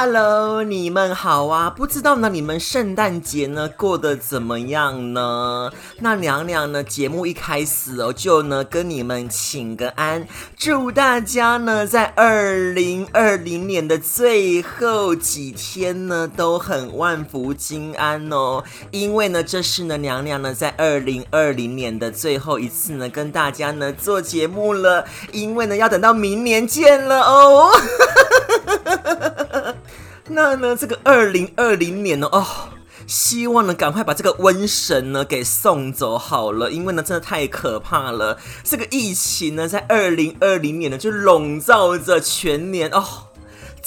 Hello，你們好啊！不知道呢，你們聖誕節呢過得怎麼樣呢？那娘娘呢？節目一開始哦，就呢跟你們請個安，祝大家呢在二零二零年的最後幾天呢都很萬福金安哦！因為呢，這是呢娘娘呢在二零二零年的最後一次呢跟大家呢做節目了，因為呢要等到明年見了哦。 那呢，這個二零二零年呢，哦，希望呢趕快把這個瘟神呢給送走好了，因為呢，真的太可怕了。這個疫情呢，在二零二零年呢，就籠罩着全年哦。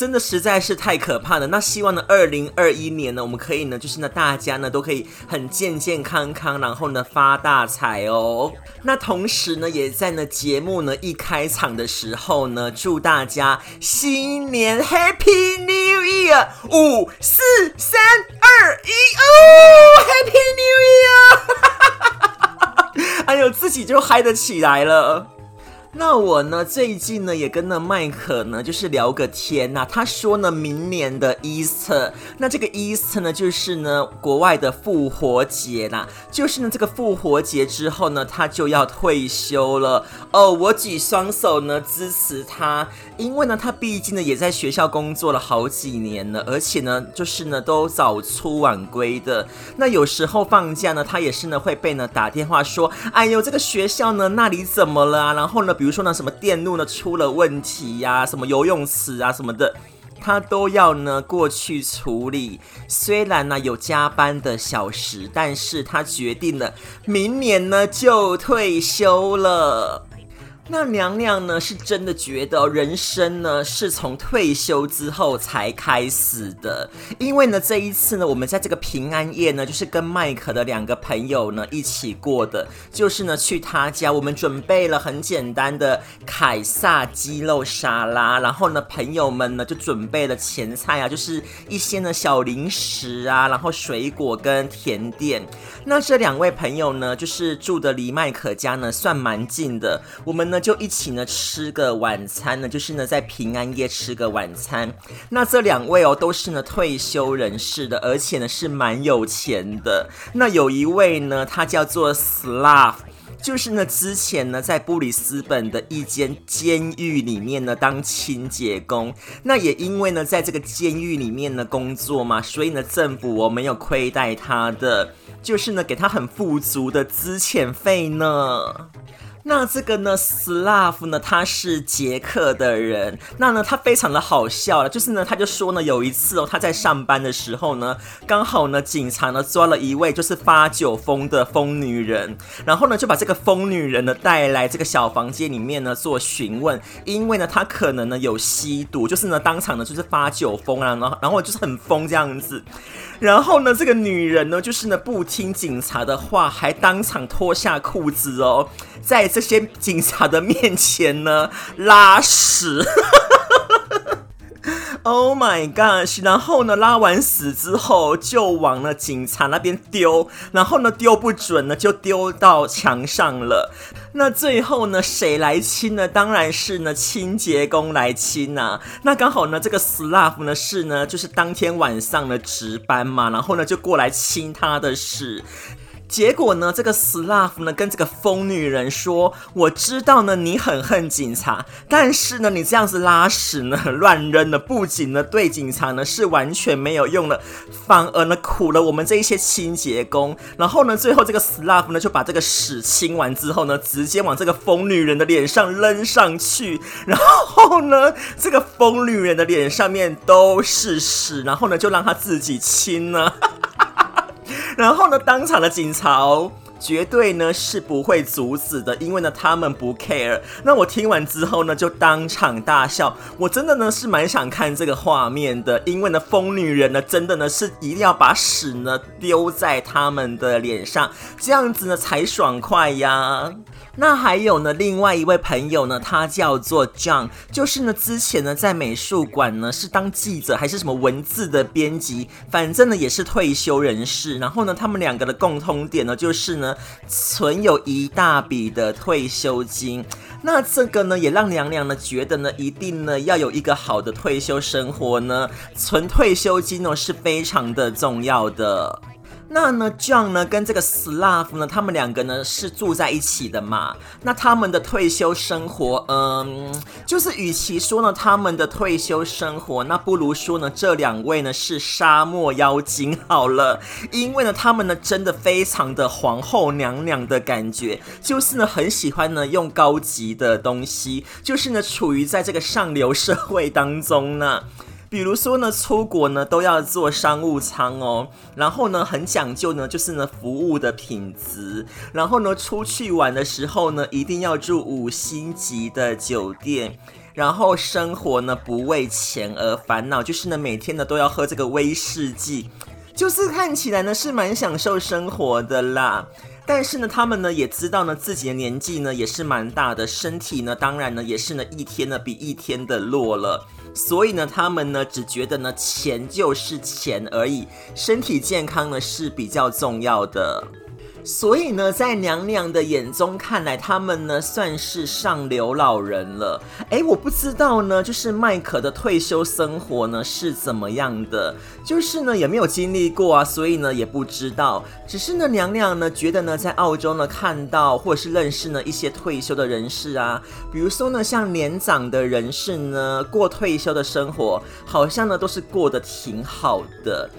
真的實在是太可怕了。那希望呢，二零二一年呢，我們可以呢，就是呢，大家呢都可以很健健康康，然後呢發大財哦。那同時呢，也在呢節目呢一開場的時候呢，祝大家新年 Happy New Year！五、哦、四、三、二、一，哦，Happy New Year！ 哎呦，自己就嗨得起來了。那我呢，最近呢也跟那麥克呢，就是聊個天吶啊。他說呢，明年的 Easter，那這個 Easter 呢，就是呢國外的復活節啦。就是呢這個復活節之後呢，他就要退休了哦。我舉雙手呢支持他，因為呢他畢竟呢也在學校工作了好幾年了，而且呢就是呢都早出晚歸的。那有時候放假呢，他也是呢會被呢打電話說，哎呦，這個學校呢那裡怎麼了啊？然後呢。比如說呢，什麼電路呢出了問題呀，什麼游泳池啊什麼的，他都要呢過去處理。雖然呢有加班的小時，但是他決定了明年呢就退休了。那娘娘呢是真的覺得、哦、人生呢是從退休之後才開始的，因為呢這一次呢，我們在這個平安夜呢，就是跟麥克的兩個朋友呢一起過的，就是呢去他家，我們準備了很簡單的凱撒雞肉沙拉，然後呢朋友們呢就準備了前菜啊，就是一些呢小零食啊，然後水果跟甜點。那這兩位朋友呢，就是住的離麥克家呢算蠻近的，我們。那就一起呢吃個晚餐呢，就是呢在平安夜吃個晚餐。那這兩位哦都是呢退休人士的，而且呢是蠻有錢的。那有一位呢，他叫做 Slav，就是呢之前呢在布里斯本的一間監獄裡面呢當清潔工。那也因為呢在這個監獄裡面呢工作嘛，所以呢政府我沒有虧待他的，就是呢給他很富足的資遣費呢。那這個呢，Slav 呢，他是捷克的人。那呢，他非常的好笑了，就是呢，他就說呢，有一次哦，他在上班的時候呢，剛好呢，警察呢抓了一位就是發酒瘋的瘋女人，然後呢，就把這個瘋女人呢帶來這個小房間裡面呢做詢問，因為呢，她可能呢有吸毒，就是呢當場呢就是發酒瘋啊，然後然後就是很瘋這樣子。然後呢，這個女人呢，就是呢不聽警察的話，還當場脫下褲子哦，在這些警察的面前呢拉屎。 Oh my god！然後呢，拉完屎之後就往呢警察那邊丟，然後呢丟不準呢就丟到牆上了。那最後呢，誰來親呢？當然是呢清潔工來親吶、啊。那剛好呢，這個 slav 呢是呢就是當天晚上的值班嘛，然後呢就過來親他的屎。結果呢，這個斯拉夫呢跟這個瘋女人說：“我知道呢，你很恨警察，但是呢，你這樣子拉屎呢，亂扔呢，不僅呢對警察呢是完全沒有用的，反而呢苦了我們這一些清潔工。然後呢，最後這個斯拉夫呢就把這個屎清完之後呢，直接往這個瘋女人的臉上扔上去，然後呢，這個瘋女人的臉上面都是屎，然後呢就讓她自己親了。 ”然後呢，當場的警察、哦、絕對呢是不會阻止的，因為呢他們不 care。那我聽完之後呢，就當場大笑。我真的呢是蠻想看這個畫面的，因為呢瘋女人呢真的呢是一定要把屎呢丟在他們的臉上，這樣子呢才爽快呀。那還有呢，另外一位朋友呢，他叫做 John，就是呢，之前呢在美術館呢是當記者，還是什麼文字的編輯，反正呢也是退休人士。然後呢，他們兩個的共通點呢，就是呢存有一大筆的退休金。那這個呢，也讓娘娘呢覺得呢，一定呢要有一個好的退休生活呢，存退休金呢是非常的重要的。那呢，John 呢跟這個 Slav 呢，他們兩個呢是住在一起的嘛？那他們的退休生活，嗯，就是與其說呢他們的退休生活，那不如說呢這兩位呢是沙漠妖精好了，因為呢他們呢真的非常的皇後娘娘的感覺，就是呢很喜歡呢用高級的東西，就是呢處於在這個上流社會當中呢。比如說呢，出國呢都要坐商務艙哦，然後呢很講究呢，就是呢服務的品質，然後呢出去玩的時候呢，一定要住五星級的酒店，然後生活呢不為錢而煩惱，就是呢每天呢都要喝這個威士忌，就是看起來呢是蠻享受生活的啦，但是呢他們呢也知道呢自己的年紀呢也是蠻大的，身體呢當然呢也是呢一天呢比一天的弱了。所以呢，他們呢只覺得呢，錢就是錢而已，身體健康呢是比較重要的。所以呢，在娘娘的眼中看來，他們呢算是上流老人了。誒，我不知道呢，就是邁克的退休生活呢是怎麼樣的，就是呢也沒有經歷過啊，所以呢也不知道。只是呢，娘娘呢覺得呢，在澳洲呢看到或者是認識呢一些退休的人士啊，比如說呢像年長的人士呢過退休的生活，好像呢都是過得挺好的。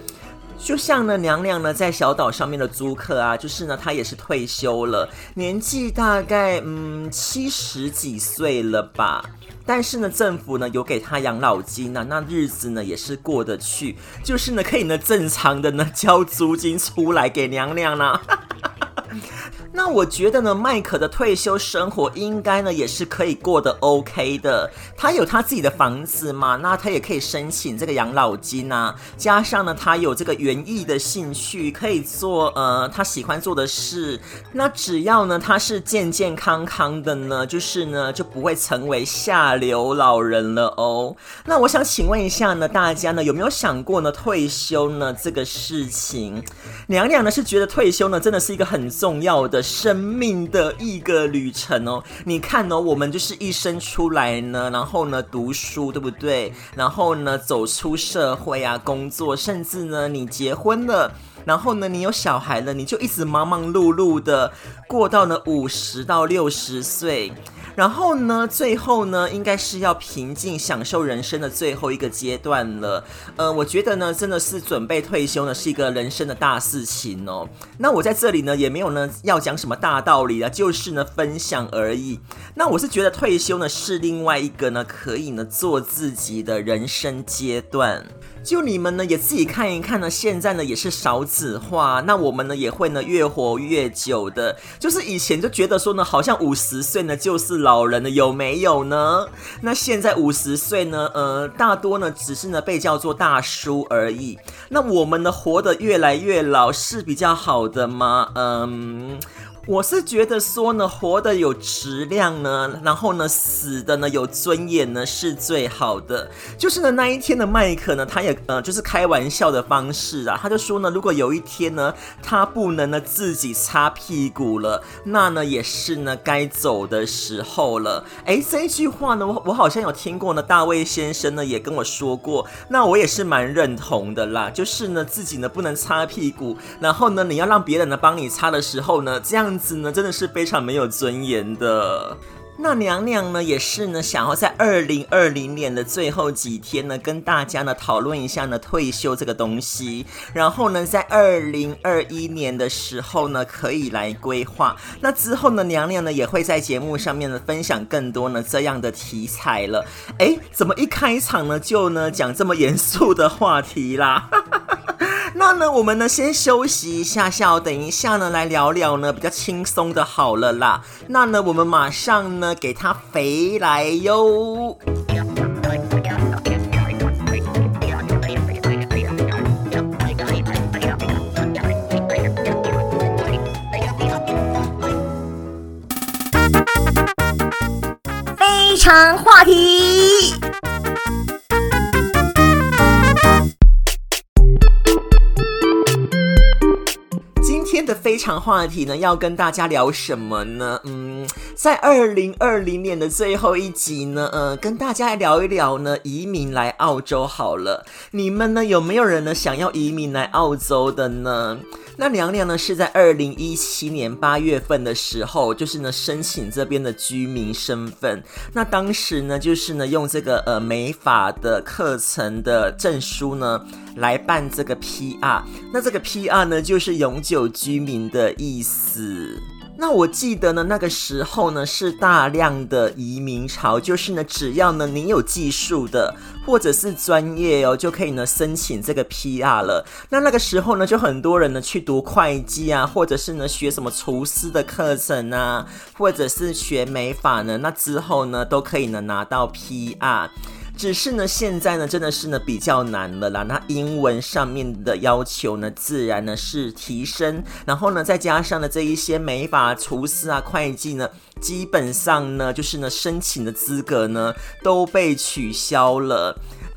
就像呢，娘娘呢在小島上面的租客啊，就是呢她也是退休了，年紀大概嗯七十幾歲了吧。但是呢，政府呢有給她養老金呢，那日子呢也是過得去，就是呢可以呢正常的呢交租金出來給娘娘啦。 那我覺得呢，麥克的退休生活應該呢也是可以過得 OK 的。他有他自己的房子嘛，那他也可以申請這個養老金啊。加上呢，他有這個園藝的興趣，可以做呃他喜歡做的事。那只要呢他是健健康康的呢，就是呢就不會成為下流老人了哦。那我想請問一下呢，大家呢有沒有想過呢退休呢這個事情？娘娘呢是覺得退休呢真的是一個很重要的。生命的一個旅程哦，你看哦，我們就是一生出來呢，然後呢讀書，對不對？然後呢走出社會啊，工作，甚至呢你結婚了。然後呢，你有小孩了，你就一直忙忙碌碌的過到了五十到六十歲，然後呢，最後呢，應該是要平靜享受人生的最後一個階段了。呃，我覺得呢，真的是準備退休呢，是一個人生的大事情哦。那我在這裡呢，也沒有呢要講什麼大道理啊，就是呢分享而已。那我是覺得退休呢，是另外一個呢，可以呢，做自己的人生階段。就你們呢，也自己看一看呢。現在呢也是少子化，那我們呢也會呢越活越久的。就是以前就覺得說呢，好像五十歲呢就是老人了，有沒有呢？那現在五十歲呢，呃，大多呢只是呢被叫做大叔而已。那我們呢，活得越來越老是比較好的嗎？嗯、呃。我是覺得說呢，活得有質量呢，然後呢，死的呢有尊嚴呢，是最好的。就是呢，那一天的麥克呢，他也呃，就是開玩笑的方式啊，他就說呢，如果有一天呢，他不能呢自己擦屁股了，那呢也是呢該走的時候了。哎，這一句話呢，我我好像有聽過呢，大衛先生呢也跟我說過，那我也是蠻認同的啦。就是呢，自己呢不能擦屁股，然後呢，你要讓別人呢幫你擦的時候呢，這樣。子呢真的是非常沒有尊嚴的。那娘娘呢也是呢，想要在二零二零年的最後幾天呢，跟大家呢討論一下呢退休這個東西。然後呢，在二零二一年的時候呢，可以來規劃。那之後呢，娘娘呢也會在節目上面呢分享更多呢這樣的題材了。哎、欸，怎麼一開場呢就呢講這麼嚴肅的話題啦？ 那我們呢，先休息一下下哦。等一下呢，來聊聊呢，比較輕鬆的，好了啦。那呢，我們馬上呢，給它飛來喲。非常話題。常話題呢，要跟大家聊什麼呢？嗯。在二零二零年的最後一集呢，呃跟大家來聊一聊呢，移民來澳洲好了。你們呢有沒有人呢想要移民來澳洲的呢？那娘娘呢是在二零一七年八月份的時候，就是呢申請這邊的居民身份。那當時呢就是呢用這個呃美髮的課程的證書呢來辦這個 PR。那這個 PR 呢就是永久居民的意思。那我記得呢，那個時候呢是大量的移民潮，就是呢，只要呢你有技術的或者是專業哦，就可以呢申請這個 PR 了。那那個時候呢，就很多人呢去讀會計啊，或者是呢學什麼廚師的課程啊，或者是學美髮呢，那之後呢都可以呢拿到 PR。只是呢，現在呢，真的是呢比較難了啦。那英文上面的要求呢，自然呢是提升，然後呢，再加上呢這一些美髮廚師啊、會計呢，基本上呢就是呢申請的資格呢都被取消了。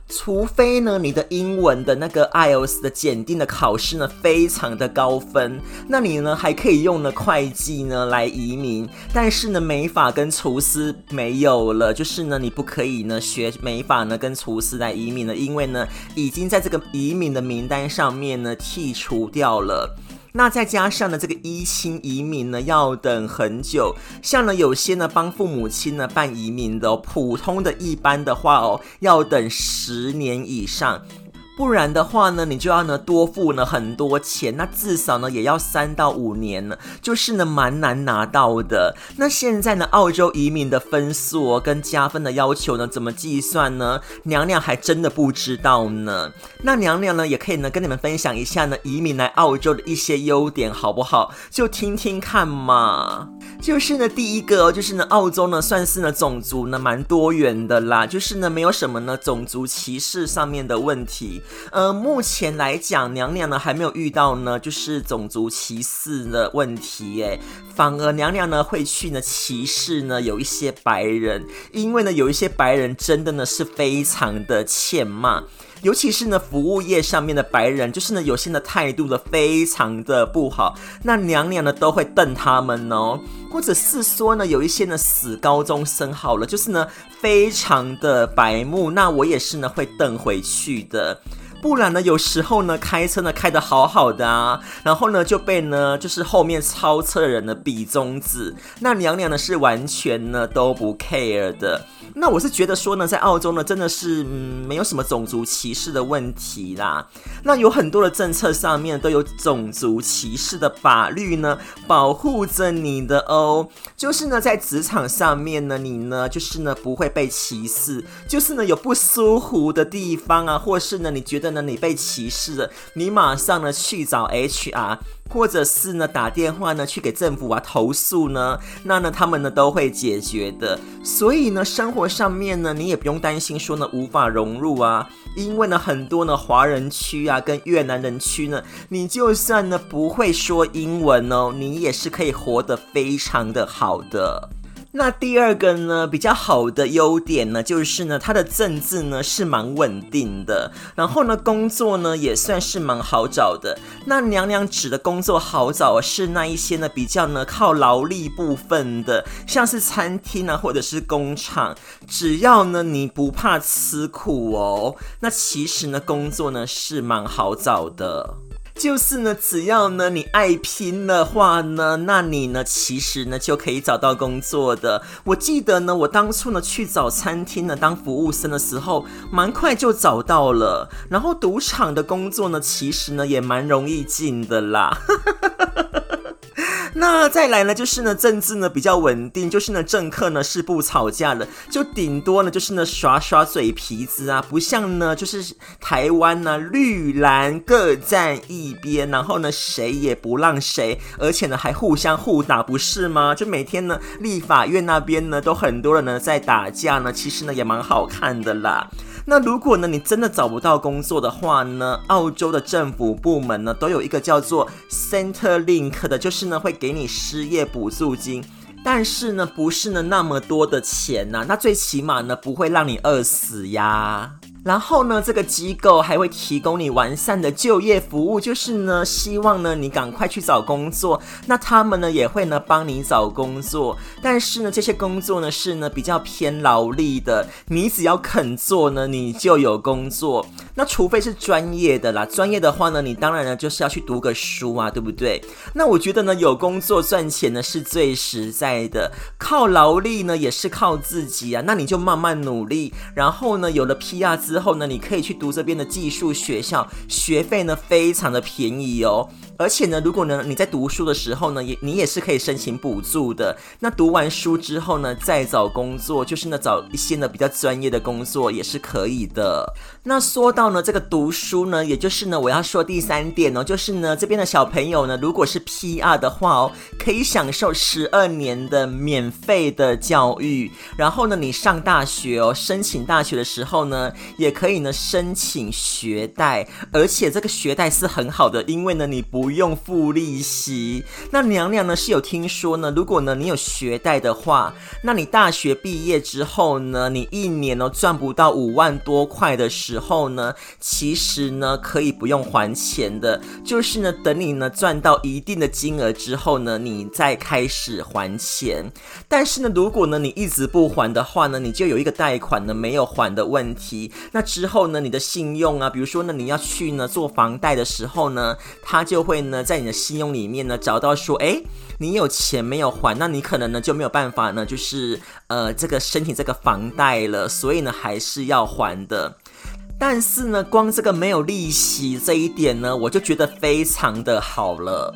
除非呢，你的英文的那個 IELTS 的檢定的考試呢，非常的高分，那你呢還可以用呢會計呢來移民，但是呢美髮、跟廚師沒有了，就是呢你不可以呢學美髮、呢跟廚師來移民了，因為呢已經在這個移民的名單上面呢剔除掉了。那再加上呢，這個依親移民呢，要等很久。像呢，有些呢幫父母親呢辦移民的哦，普通的一般的話哦，要等十年以上。不然的話呢，你就要呢多付呢很多錢，那至少呢也要三到五年呢，就是呢蠻難拿到的。那現在呢，澳洲移民的分數哦，跟加分的要求呢，怎麼計算呢？娘娘還真的不知道呢。那娘娘呢，也可以呢跟你們分享一下呢，移民來澳洲的一些優點好不好？就聽聽看嘛。就是呢，第一個哦，就是呢，澳洲呢算是呢種族呢蠻多元的啦，就是呢沒有什麼呢種族歧視上面的問題。呃，目前來講，娘娘呢還沒有遇到呢，就是種族歧視的問題，誒，反而娘娘呢會去呢歧視呢有一些白人，因為呢有一些白人真的呢是非常的欠罵。尤其是呢，服務業上面的白人，就是呢，有些呢的態度呢非常的不好，那娘娘呢都會瞪他們哦，或者是說呢，有一些呢死高中生好了，就是呢非常的白目，那我也是呢會瞪回去的，不然呢，有時候呢開車呢開得好好的啊，然後呢就被呢就是後面超車的人呢比中指，那娘娘呢是完全呢都不 care 的。那我是覺得說呢，在澳洲呢，真的是嗯，沒有什麼種族歧視的問題啦。那有很多的政策上面都有種族歧視的法律呢，保護着你的哦。就是呢，在職場上面呢，你呢，就是呢不會被歧視。就是呢，有不舒服的地方啊，或是呢，你覺得呢你被歧視了，你馬上呢去找 HR，或者是呢打電話呢去給政府啊投訴呢。那呢，他們呢都會解決的。所以呢，生生活上面呢，你也不用擔心說呢無法融入啊，因為呢很多呢華人區啊跟越南人區呢，你就算呢不會說英文哦，你也是可以活得非常的好的。那第二個呢，比較好的優點呢，就是呢，它的政治呢是蠻穩定的，然後呢，工作呢也算是蠻好找的。那娘娘指的工作好找是那一些呢，比較呢靠勞力部分的，像是餐廳啊，或者是工廠，只要呢你不怕吃苦哦，那其實呢工作呢是蠻好找的。就是呢，只要呢你愛拼的話呢，那你呢其實呢就可以找到工作的。我記得呢，我當初呢去找餐廳呢當服務生的時候，蠻快就找到了。然後賭場的工作呢，其實呢也蠻容易進的啦。 那再來呢，就是呢政治呢比較穩定，就是呢政客呢是不吵架了，就頂多呢就是呢耍耍嘴皮子啊，不像呢就是台灣呢、啊、綠藍各站一邊，然後呢誰也不讓誰，而且呢還互相互打，不是嗎？就每天呢立法院那邊呢都很多人呢在打架呢，其實呢也蠻好看的啦。那如果呢你真的找不到工作的話呢，澳洲的政府部門呢都有一個叫做 Centrelink 的，就是呢會給。給你失業補助金，但是呢，不是呢那麼多的錢吶啊，那最起碼呢，不會讓你餓死呀。然後呢，這個機構還會提供你完善的就業服務，就是呢，希望呢你趕快去找工作，那他們呢也會呢幫你找工作，但是呢，這些工作呢是呢比較偏勞力的，你只要肯做呢，你就有工作。那除非是專業的啦，專業的話呢，你當然呢就是要去讀個書啊，對不對？那我覺得呢，有工作賺錢呢是最實在的，靠勞力呢也是靠自己啊，那你就慢慢努力，然後呢，有了 PR 之後。之後呢，你可以去讀這邊的技術學校，學費呢非常的便宜哦。而且呢，如果呢你在讀書的時候呢，也你也是可以申請補助的。那讀完書之後呢，再找工作，就是呢找一些呢比較專業的工作也是可以的。那說到呢這個讀書呢，也就是呢我要說第三點哦，就是呢這邊的小朋友呢，如果是 PR 的話哦，可以享受十二年的免費的教育。然後呢，你上大學哦，申請大學的時候呢，也可以呢申請學貸，而且這個學貸是很好的，因為呢你不不用付利息。那娘娘呢是有聽說呢，如果呢你有學貸的話，那你大學畢業之後呢，你一年呢、哦、賺不到五萬多塊的時候呢，其實呢可以不用還錢的。就是呢等你呢賺到一定的金額之後呢，你再開始還錢。但是呢如果呢你一直不還的話呢，你就有一個貸款呢沒有還的問題。那之後呢你的信用啊，比如說呢你要去呢做房貸的時候呢，他就會。在你的信用裡面呢，找到說，誒，你有錢沒有還？那你可能呢就沒有辦法呢，就是呃，這個申請這個房貸了。所以呢，還是要還的。但是呢，光這個沒有利息這一點呢，我就覺得非常的好了。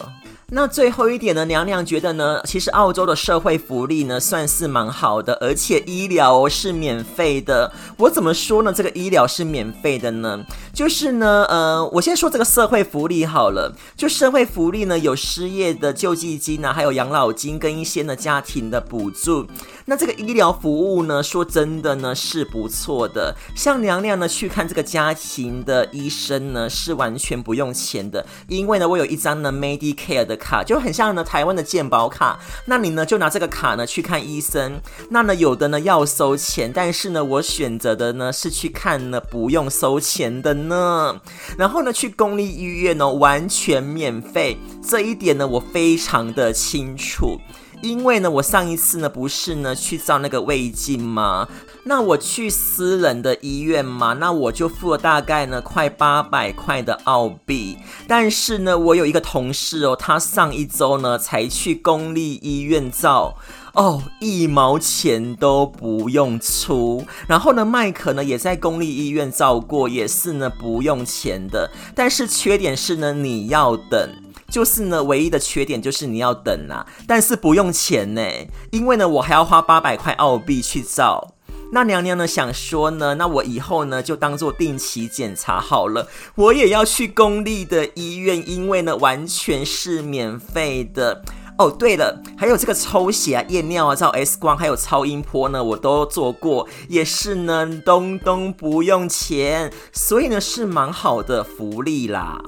那最後一點呢，娘娘覺得呢，其實澳洲的社會福利呢算是蠻好的，而且醫療，哦，是免費的。我怎麼說呢？這個醫療是免費的呢？就是呢，呃，我先說這個社會福利好了，就社會福利呢，有失業的救濟金啊，還有養老金跟一些呢家庭的補助。那這個醫療服務呢，說真的呢是不錯的。像娘娘呢去看這個家庭的醫生呢是完全不用錢的，因為呢我有一張呢 Medicare 的卡，就很像呢台灣的健保卡。那你呢就拿這個卡呢去看醫生。那呢有的呢要收錢，但是呢我選擇的呢是去看呢不用收錢的呢。嗯，然後呢，去公立醫院呢，哦，完全免費，這一點呢，我非常的清楚，因為呢，我上一次呢，不是呢去照那個胃鏡嗎？那我去私人的醫院嘛，那我就付了大概呢，快八百塊的澳幣。但是呢，我有一個同事哦，他上一周呢，才去公立醫院照。哦，oh, 一毛錢都不用出。然後呢，麥克呢也在公立醫院照過，也是呢不用錢的。但是缺點是呢，你要等。就是呢，唯一的缺點就是你要等啊。但是不用錢呢，因為呢，我還要花八百塊澳幣去照。那娘娘呢想說呢，那我以後呢就當做定期檢查好了。我也要去公立的醫院，因為呢完全是免費的。哦，對了，還有這個抽血啊、驗尿啊、照 X 光還有超音波呢，我都做過，也是呢，東東不用錢，所以呢是蠻好的福利啦。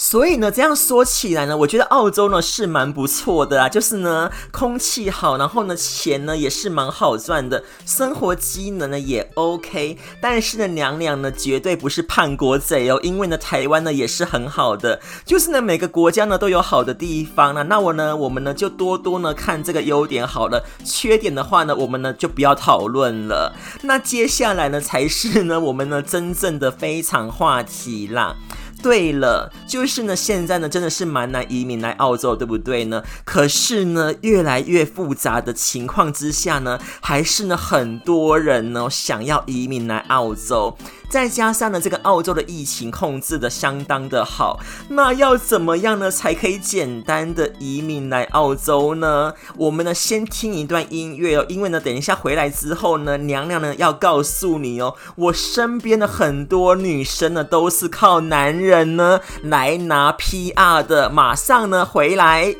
所以呢，這樣說起來呢，我覺得澳洲呢是蠻不錯的啦，就是呢空氣好，然後呢錢呢也是蠻好賺的，生活機能呢也 OK。但是呢，娘娘呢絕對不是叛國賊哦，因為呢台灣呢也是很好的，就是呢每個國家呢都有好的地方啦，那我呢，我們呢就多多呢看這個優點好了，缺點的話呢，我們呢就不要討論了。那接下來呢，才是呢我們呢真正的非常話題啦。對了，就是呢，現在呢，真的是蠻難移民來澳洲，對不對呢？可是呢，越來越複雜的情況之下呢，還是呢，很多人呢，想要移民來澳洲。再加上呢，這個澳洲的疫情控制得相當的好，那要怎麼樣呢才可以簡單的移民來澳洲呢？我們呢先聽一段音樂哦，因為呢等一下回來之後呢，娘娘呢要告訴你哦，我身邊的很多女生呢都是靠男人呢來拿 PR 的，馬上呢回來。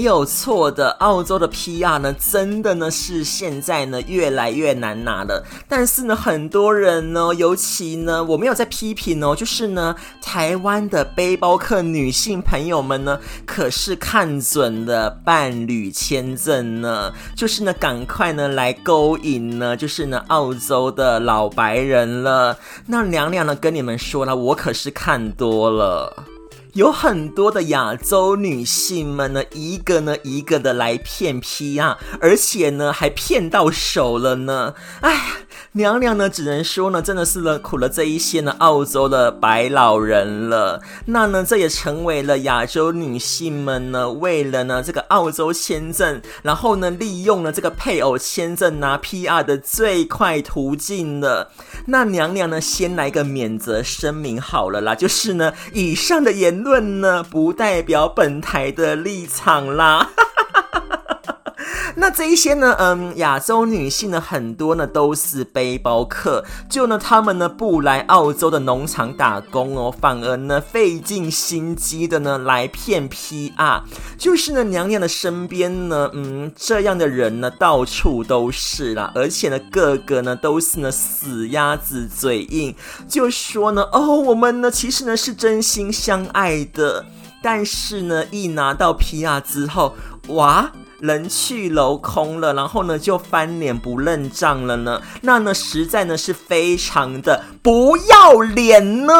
沒有錯的，澳洲的 PR 呢，真的呢是現在呢越來越難拿了。但是呢，很多人呢，尤其呢，我沒有在批評哦，就是呢，台灣的背包客女性朋友們呢，可是看準了伴侶簽證呢，就是呢，趕快呢來勾引呢，就是呢，澳洲的老白人了。那娘娘呢跟你們說了，我可是看多了。有很多的亞洲女性們呢，一個呢一個的來騙 PR 啊，而且呢還騙到手了呢，哎呀。娘娘呢，只能說呢，真的是呢，苦了這一些呢澳洲的白老人了。那呢，這也成為了亞洲女性們呢為了呢這個澳洲簽證，然後呢利用了這個配偶簽證啊 PR 的最快途徑了。那娘娘呢，先來個免責聲明好了啦，就是呢以上的言論呢不代表本台的立場啦。哈哈哈。那這一些呢，嗯，亞洲女性呢，很多呢都是背包客，就呢，他們呢不來澳洲的農場打工哦，反而呢費盡心機的呢來騙 PR，就是呢，娘娘的身邊呢，嗯，這樣的人呢到處都是啦，而且呢，個個呢都是呢死鴨子嘴硬，就說呢，哦，我們呢其實呢是真心相愛的，但是呢一拿到 PR 之後，哇！人去樓空了，然後呢，就翻臉不認賬了呢。那呢，實在呢，是非常的。不要臉呢！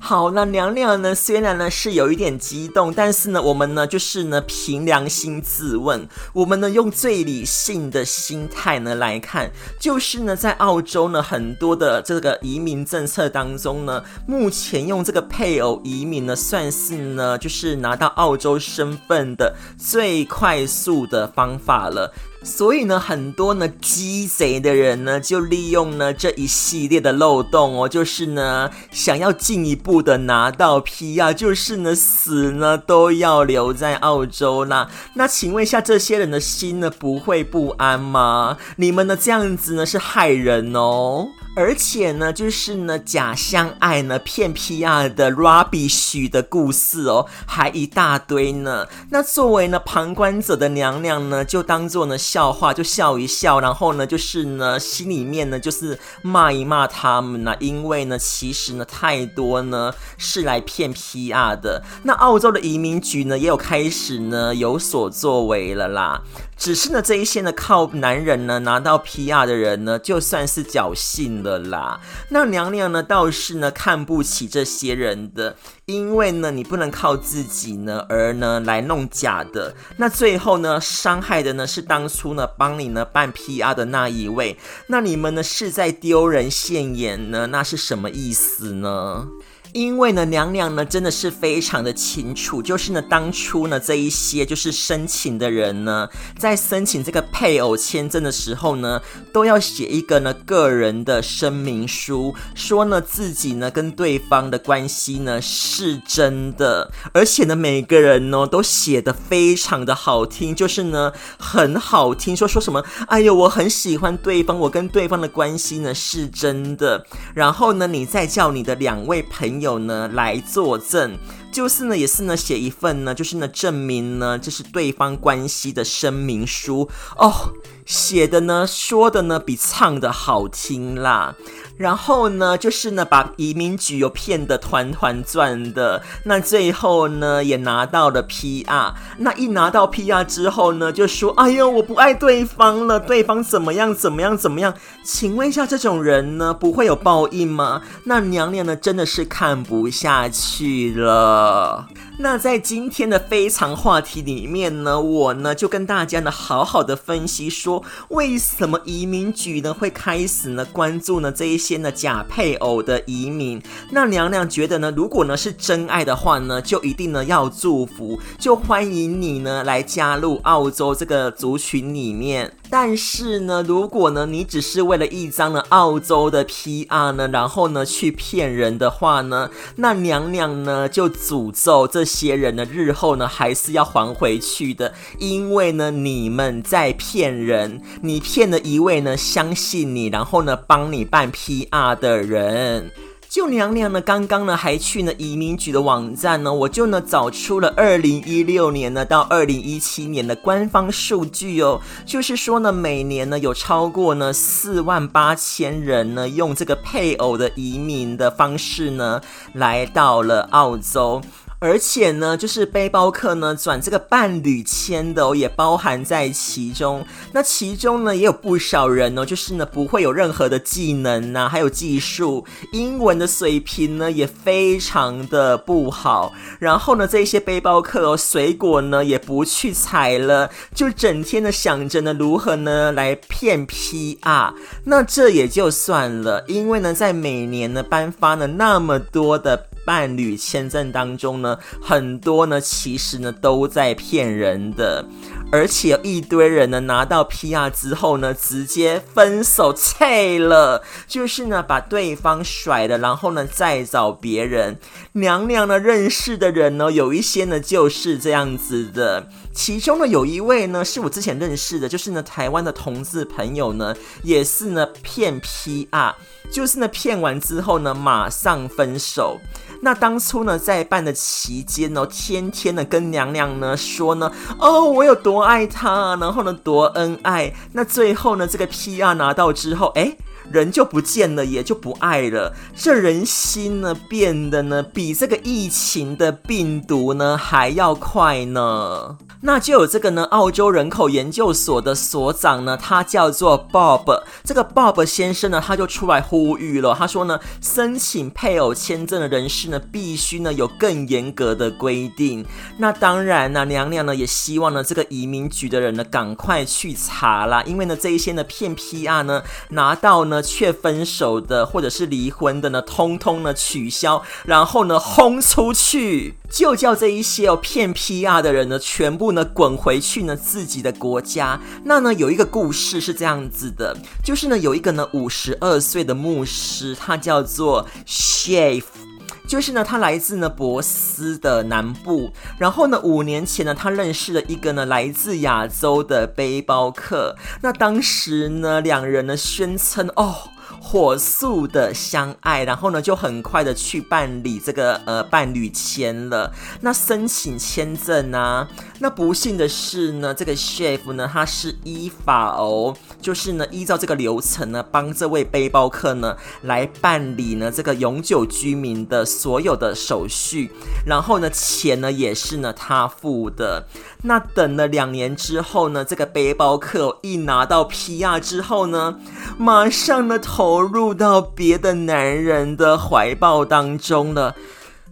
好了，那娘娘呢？雖然呢是有一點激動，但是呢，我們呢就是呢憑良心自問，我們呢用最理性的心態呢來看，就是呢在澳洲呢很多的這個移民政策當中呢，目前用這個配偶移民呢算是呢就是拿到澳洲身份的最快速的方法了。所以呢，很多呢雞賊的人呢，就利用呢這一系列的漏洞哦，就是呢想要進一步的拿到批啊，就是呢死呢都要留在澳洲啦。那請問一下，這些人的心呢不會不安嗎？你們呢這樣子呢是害人哦。而且呢，就是呢，假相愛呢騙 PR 的 rubbish 的故事哦，還一大堆呢。那作為呢旁觀者的娘娘呢，就當做呢笑話就笑一笑，然後呢，就是呢心裡面呢就是罵一罵他們吶，因為呢，其實呢太多呢是來騙 PR 的。那澳洲的移民局呢，也有開始呢有所作為了啦。只是呢，這一些呢靠男人呢拿到 PR 的人呢，就算是僥倖了啦。那娘娘呢倒是呢看不起這些人的，因為呢你不能靠自己呢而呢來弄假的。那最後呢傷害的呢是當初呢幫你呢辦 PR 的那一位。那你們呢是在丟人現眼呢？那是什麼意思呢？因為呢，娘娘呢真的是非常的清楚，就是呢，當初呢這一些就是申請的人呢，在申請這個配偶簽證的時候呢，都要寫一個呢個人的聲明書，說呢自己呢跟對方的關係呢是真的，而且呢每個人呢都寫得非常的好聽，就是呢很好聽，說說什麼，哎呦我很喜歡對方，我跟對方的關係呢是真的，然後呢你再叫你的兩位朋友有呢，來作證。就是呢，也是呢，寫一份呢，就是呢，證明呢，這是對方關係的聲明書哦。寫的呢，說的呢，比唱的好聽啦。然後呢，就是呢，把移民局又騙得團團轉的。那最後呢，也拿到了 PR。那一拿到 PR 之後呢，就說：“哎呦，我不愛對方了，對方怎麼樣，怎麼樣，怎麼樣？請問一下，這種人呢，不會有報應嗎？”那娘娘呢，真的是看不下去了。呃，那在今天的非常話題裡面呢，我呢就跟大家呢好好的分析說，為什麼移民局呢會開始呢關注呢這一些呢假配偶的移民？那娘娘覺得呢，如果呢是真愛的話呢，就一定呢要祝福，就歡迎你呢來加入澳洲這個族群裡面。但是呢，如果呢你只是為了一張呢澳洲的 PR 呢，然後呢去騙人的話呢，那娘娘呢就。詛咒這些人呢，日後呢還是要還回去的，因為呢你們在騙人，你騙了一位呢相信你，然後呢幫你辦 PR 的人。就娘娘呢，剛剛呢還去了移民局的網站呢，我就呢找出了二零一六年呢到二零一七年的官方數據哦，就是說呢每年呢有超過呢四萬八千人呢用這個配偶的移民的方式呢來到了澳洲。而且呢，就是背包客呢轉這個伴侶簽的哦，也包含在其中。那其中呢也有不少人哦，就是呢不會有任何的技能吶、啊，還有技術，英文的水平呢也非常的不好。然後呢，這些背包客哦，水果呢也不去採了，就整天的想着呢如何呢來騙 PR 啊。那這也就算了，因為呢在每年呢頒發了那麼多的。伴侶簽證當中呢，很多呢其實呢都在騙人的，而且有一堆人呢拿到 PR 之後呢，直接分手棄了，就是呢把對方甩了，然後呢再找別人。娘娘呢認識的人呢，有一些呢就是這樣子的，其中呢有一位呢是我之前認識的，就是呢台灣的同志朋友呢，也是呢騙 PR，就是呢騙完之後呢馬上分手。那當初呢，在辦的期間哦、喔，天天呢跟娘娘呢說呢，哦，我有多愛他，然後呢多恩愛。那最後呢，這個 PR 拿到之後，哎、欸。人就不見了，也就不愛了。這人心呢，變得呢，比這個疫情的病毒呢還要快呢。那就有這個呢，澳洲人口研究所的所長呢，他叫做 Bob。這個 Bob 先生呢，他就出來呼籲了。他說呢，申請配偶簽證的人士呢，必須呢有更嚴格的規定。那當然呢，娘娘呢也希望呢，這個移民局的人呢，趕快去查啦，因為呢，這一些呢騙 PR 呢，拿到呢。卻分手的，或者是離婚的呢，通通呢取消，然後呢轟出去，就叫這一些哦騙 PR 的人呢，全部呢滾回去呢自己的國家。那呢有一個故事是這樣子的，就是呢有一個呢五十二歲的牧師，他叫做 Shafe。就是呢，他來自呢伯斯的南部，然後呢，五年前呢，他認識了一個呢來自亞洲的背包客，那當時呢，兩人呢宣稱哦，火速的相愛，然後呢就很快的去辦理這個呃伴侶簽了，那申請簽證啊。那不幸的是呢，這個 chef 呢，他是依法哦，就是呢依照這個流程呢，幫這位背包客呢來辦理呢這個永久居民的所有的手續，然後呢錢呢也是呢他付的。那等了兩年之後呢，這個背包客哦，一拿到 PR 之後呢，馬上呢投入到別的男人的懷抱當中了，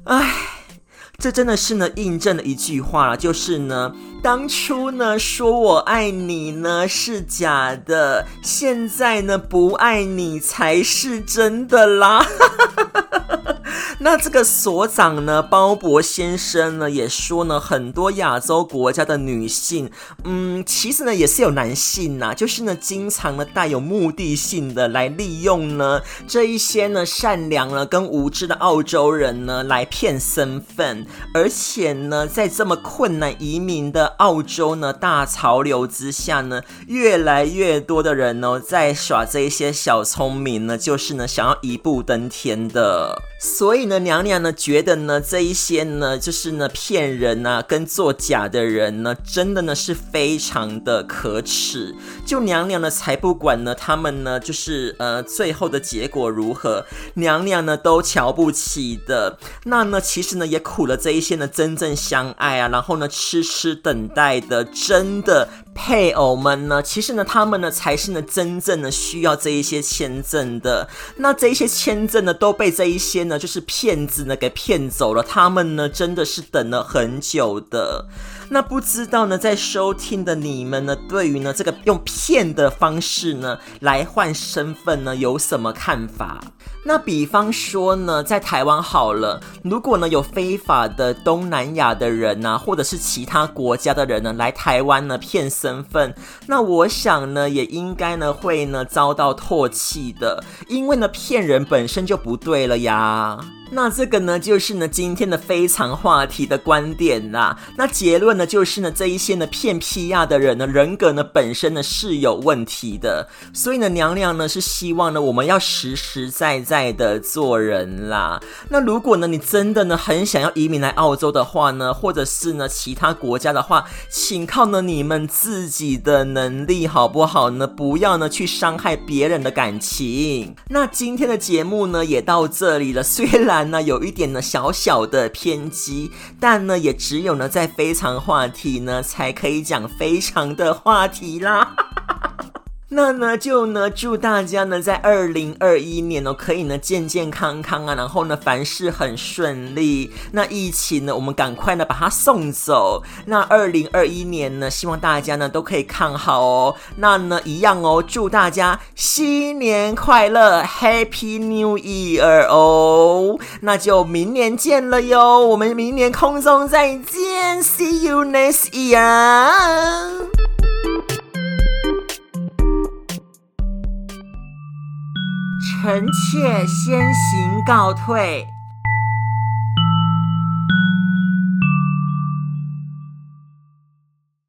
唉。這真的是呢，印證了一句話，就是呢，當初呢說我愛你呢是假的，現在呢不愛你才是真的啦。 那這個所長呢，鮑勃先生呢，也說呢，很多亞洲國家的女性，嗯，其實呢也是有男性吶、啊，就是呢經常呢帶有目的性的來利用呢這一些呢善良了跟無知的澳洲人呢來騙身份，而且呢在這麼困難移民的澳洲呢大潮流之下呢，越來越多的人呢，在耍這一些小聰明呢，就是呢想要一步登天的，所以。那娘娘呢，覺得呢這一些呢，就是呢騙人吶、啊，跟作假的人呢，真的呢是非常的可恥。就娘娘呢才不管呢，他們呢就是呃最後的結果如何，娘娘呢都瞧不起的。那呢其實呢也苦了這一些呢真正相愛啊，然後呢痴痴等待的，真的。配偶們呢，其實呢，他們呢才是呢真正呢需要這一些簽證的。那這一些簽證呢，都被這一些呢就是騙子呢給騙走了。他們呢真的是等了很久的。那不知道呢，在收聽的你們呢，對於呢這個用騙的方式呢來換身份呢，有什麼看法？那比方說呢，在台灣好了，如果呢有非法的東南亞的人吶、啊，或者是其他國家的人呢，來台灣呢騙身份，那我想呢也應該呢會呢遭到唾棄的，因為呢騙人本身就不對了呀。那這個呢就是呢今天的非常話題的觀點啦、啊。那結論呢就是呢這一些呢騙 PR 的人呢人格呢本身呢是有問題的，所以呢娘娘呢是希望呢我們要實實在在，在。愛的做人啦，那如果呢，你真的呢很想要移民來澳洲的話呢，或者是呢其他國家的話，請靠呢你們自己的能力好不好呢？不要呢去傷害別人的感情。那今天的節目呢也到這裡了，雖然呢有一點呢小小的偏激，但呢也只有呢在非常話題呢才可以講非常的話題啦。那呢就呢祝大家呢在二零二一年哦可以呢健健康康啊，然後呢凡事很順利。那疫情呢我們趕快呢把它送走。那二零二一年呢希望大家呢都可以看好哦。那呢一樣哦祝大家新年快樂，Happy New Year 哦。那就明年見了喲，我們明年空中再見，See you next year。臣妾先行告退。